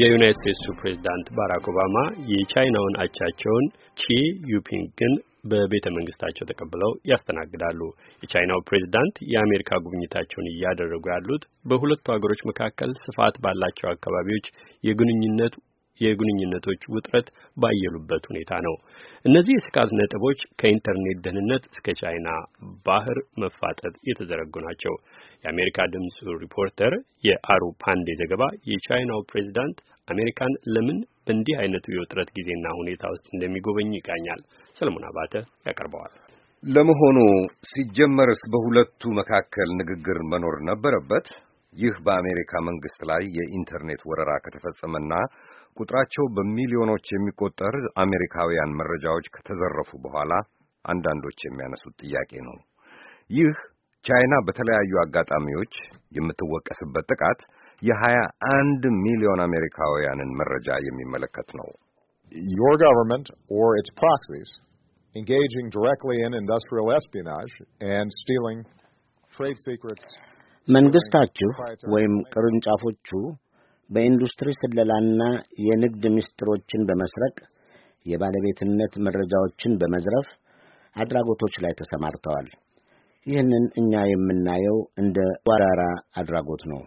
የዩናይት ስቴትሱ ፕሬዝዳንት ባራክ ኦባማ የቻይናውን አቻቸውን ቺ ዩፒንግን በቤተ መንግስታቸው ተቀብለው ያስተናግዳሉ። የቻይናው ፕሬዝዳንት የአሜሪካ ጉብኝታቸውን እያደረጉ ያሉት በሁለቱ ሀገሮች መካከል ስፋት ባላቸው አካባቢዎች የግንኙነት የግንኙነቶች ውጥረት ባየሉበት ሁኔታ ነው። እነዚህ የስጋት ነጥቦች ከኢንተርኔት ደህንነት እስከ ቻይና ባህር መፋጠጥ የተዘረጉ ናቸው። የአሜሪካ ድምፅ ሪፖርተር የአሩ ፓንዴ ዘገባ የቻይናው ፕሬዚዳንት አሜሪካን ለምን በእንዲህ አይነቱ የውጥረት ጊዜና ሁኔታ ውስጥ እንደሚጎበኙ ይቃኛል። ሰለሞን አባተ ያቀርበዋል። ለመሆኑ ሲጀመርስ በሁለቱ መካከል ንግግር መኖር ነበረበት? ይህ በአሜሪካ መንግስት ላይ የኢንተርኔት ወረራ ከተፈጸመና ቁጥራቸው በሚሊዮኖች የሚቆጠር አሜሪካውያን መረጃዎች ከተዘረፉ በኋላ አንዳንዶች የሚያነሱት ጥያቄ ነው። ይህ ቻይና በተለያዩ አጋጣሚዎች የምትወቀስበት ጥቃት የ21 ሚሊዮን አሜሪካውያንን መረጃ የሚመለከት ነው። Your government or its proxies engaging directly in industrial espionage and stealing trade secrets መንግስታችሁ ወይም ቅርንጫፎቹ በኢንዱስትሪ ስለላና የንግድ ምስጢሮችን በመስረቅ የባለቤትነት መረጃዎችን በመዝረፍ አድራጎቶች ላይ ተሰማርተዋል። ይህንን እኛ የምናየው እንደ ወራራ አድራጎት ነው።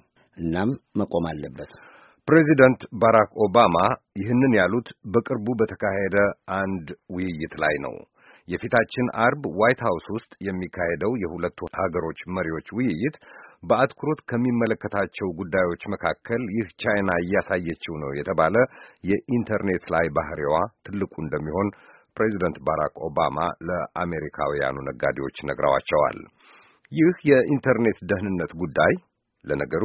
እናም መቆም አለበት። ፕሬዚደንት ባራክ ኦባማ ይህንን ያሉት በቅርቡ በተካሄደ አንድ ውይይት ላይ ነው። የፊታችን አርብ ዋይት ሀውስ ውስጥ የሚካሄደው የሁለቱ ሀገሮች መሪዎች ውይይት በአትኩሮት ከሚመለከታቸው ጉዳዮች መካከል ይህ ቻይና እያሳየችው ነው የተባለ የኢንተርኔት ላይ ባህሪዋ ትልቁ እንደሚሆን ፕሬዚደንት ባራክ ኦባማ ለአሜሪካውያኑ ነጋዴዎች ነግረዋቸዋል። ይህ የኢንተርኔት ደህንነት ጉዳይ ለነገሩ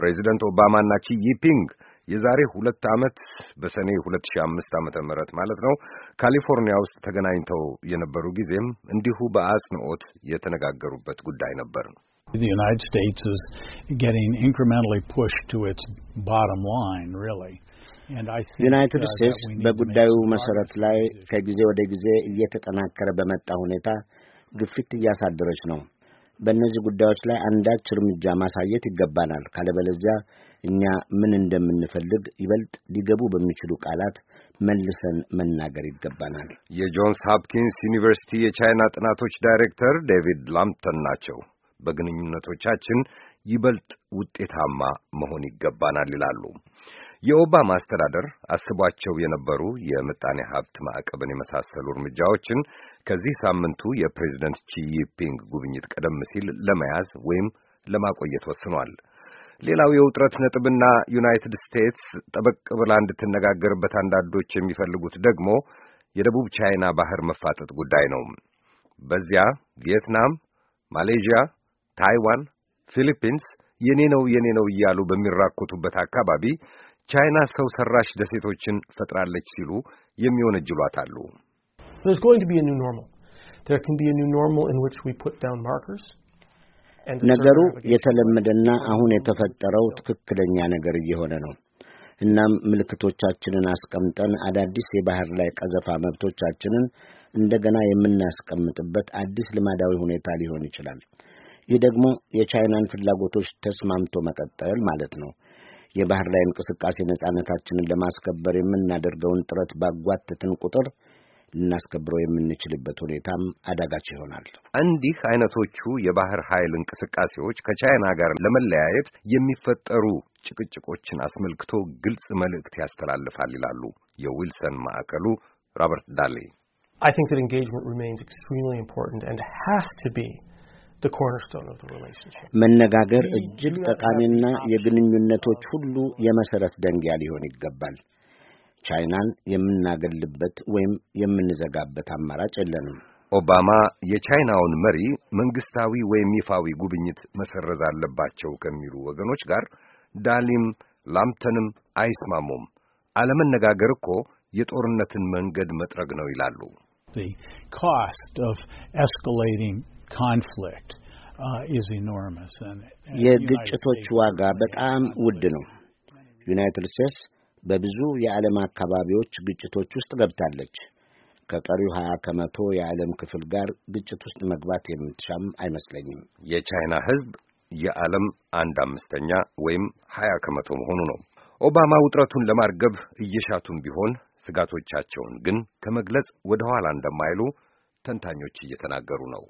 ፕሬዚደንት ኦባማና ቺ ጂንፒንግ የዛሬ ሁለት ዓመት በሰኔ 2005 ዓመተ ምህረት ማለት ነው ካሊፎርኒያ ውስጥ ተገናኝተው የነበሩ ጊዜም እንዲሁ በአጽንኦት የተነጋገሩበት ጉዳይ ነበር። The United States is getting incrementally pushed to its bottom line, really. ዩናይትድ ስቴትስ uh, በጉዳዩ መሰረት ላይ ከጊዜ ወደ ጊዜ እየተጠናከረ በመጣ ሁኔታ ግፊት እያሳደረች ነው። በእነዚህ ጉዳዮች ላይ አንዳች እርምጃ ማሳየት ይገባናል። ካለበለዚያ እኛ ምን እንደምንፈልግ ይበልጥ ሊገቡ በሚችሉ ቃላት መልሰን መናገር ይገባናል። የጆንስ ሆፕኪንስ ዩኒቨርሲቲ የቻይና ጥናቶች ዳይሬክተር ዴቪድ ላምተን ናቸው። በግንኙነቶቻችን ይበልጥ ውጤታማ መሆን ይገባናል ይላሉ። የኦባማ አስተዳደር አስቧቸው የነበሩ የምጣኔ ሀብት ማዕቀብን የመሳሰሉ እርምጃዎችን ከዚህ ሳምንቱ የፕሬዚደንት ቺይፒንግ ጉብኝት ቀደም ሲል ለመያዝ ወይም ለማቆየት ወስኗል። ሌላው የውጥረት ነጥብና ዩናይትድ ስቴትስ ጠበቅ ብላ እንድትነጋገርበት አንዳንዶች የሚፈልጉት ደግሞ የደቡብ ቻይና ባህር መፋጠጥ ጉዳይ ነው። በዚያ ቪየትናም፣ ማሌዥያ፣ ታይዋን፣ ፊሊፒንስ የኔ ነው የኔ ነው እያሉ በሚራኮቱበት አካባቢ ቻይና ሰው ሰራሽ ደሴቶችን ፈጥራለች ሲሉ የሚወነጅሏት አሉ። ነገሩ የተለመደና አሁን የተፈጠረው ትክክለኛ ነገር እየሆነ ነው። እናም ምልክቶቻችንን አስቀምጠን አዳዲስ የባህር ላይ ቀዘፋ መብቶቻችንን እንደገና የምናስቀምጥበት አዲስ ልማዳዊ ሁኔታ ሊሆን ይችላል። ይህ ደግሞ የቻይናን ፍላጎቶች ተስማምቶ መቀጠል ማለት ነው። የባህር ላይ እንቅስቃሴ ነጻነታችንን ለማስከበር የምናደርገውን ጥረት ባጓተትን ቁጥር ልናስከብረው የምንችልበት ሁኔታም አዳጋች ይሆናል። እንዲህ አይነቶቹ የባህር ኃይል እንቅስቃሴዎች ከቻይና ጋር ለመለያየት የሚፈጠሩ ጭቅጭቆችን አስመልክቶ ግልጽ መልእክት ያስተላልፋል ይላሉ የዊልሰን ማዕከሉ ሮበርት ዳሌ። I think that engagement remains extremely important and has to be መነጋገር እጅግ ጠቃሚና የግንኙነቶች ሁሉ የመሰረት ደንጊያ ሊሆን ይገባል። ቻይናን የምናገልበት ወይም የምንዘጋበት አማራጭ የለንም። ኦባማ የቻይናውን መሪ መንግስታዊ ወይም ይፋዊ ጉብኝት መሰረዝ አለባቸው ከሚሉ ወገኖች ጋር ዳሊም ላምተንም አይስማሙም። አለመነጋገር እኮ የጦርነትን መንገድ መጥረግ ነው ይላሉ። conflict uh, is enormous and የግጭቶች ዋጋ በጣም ውድ ነው። ዩናይትድ ስቴትስ በብዙ የዓለም አካባቢዎች ግጭቶች ውስጥ ገብታለች። ከቀሪው ሀያ ከመቶ የዓለም ክፍል ጋር ግጭት ውስጥ መግባት የምትሻም አይመስለኝም። የቻይና ህዝብ የዓለም አንድ አምስተኛ ወይም ሀያ ከመቶ መሆኑ ነው። ኦባማ ውጥረቱን ለማርገብ እየሻቱም ቢሆን ስጋቶቻቸውን ግን ከመግለጽ ወደ ኋላ እንደማይሉ ተንታኞች እየተናገሩ ነው።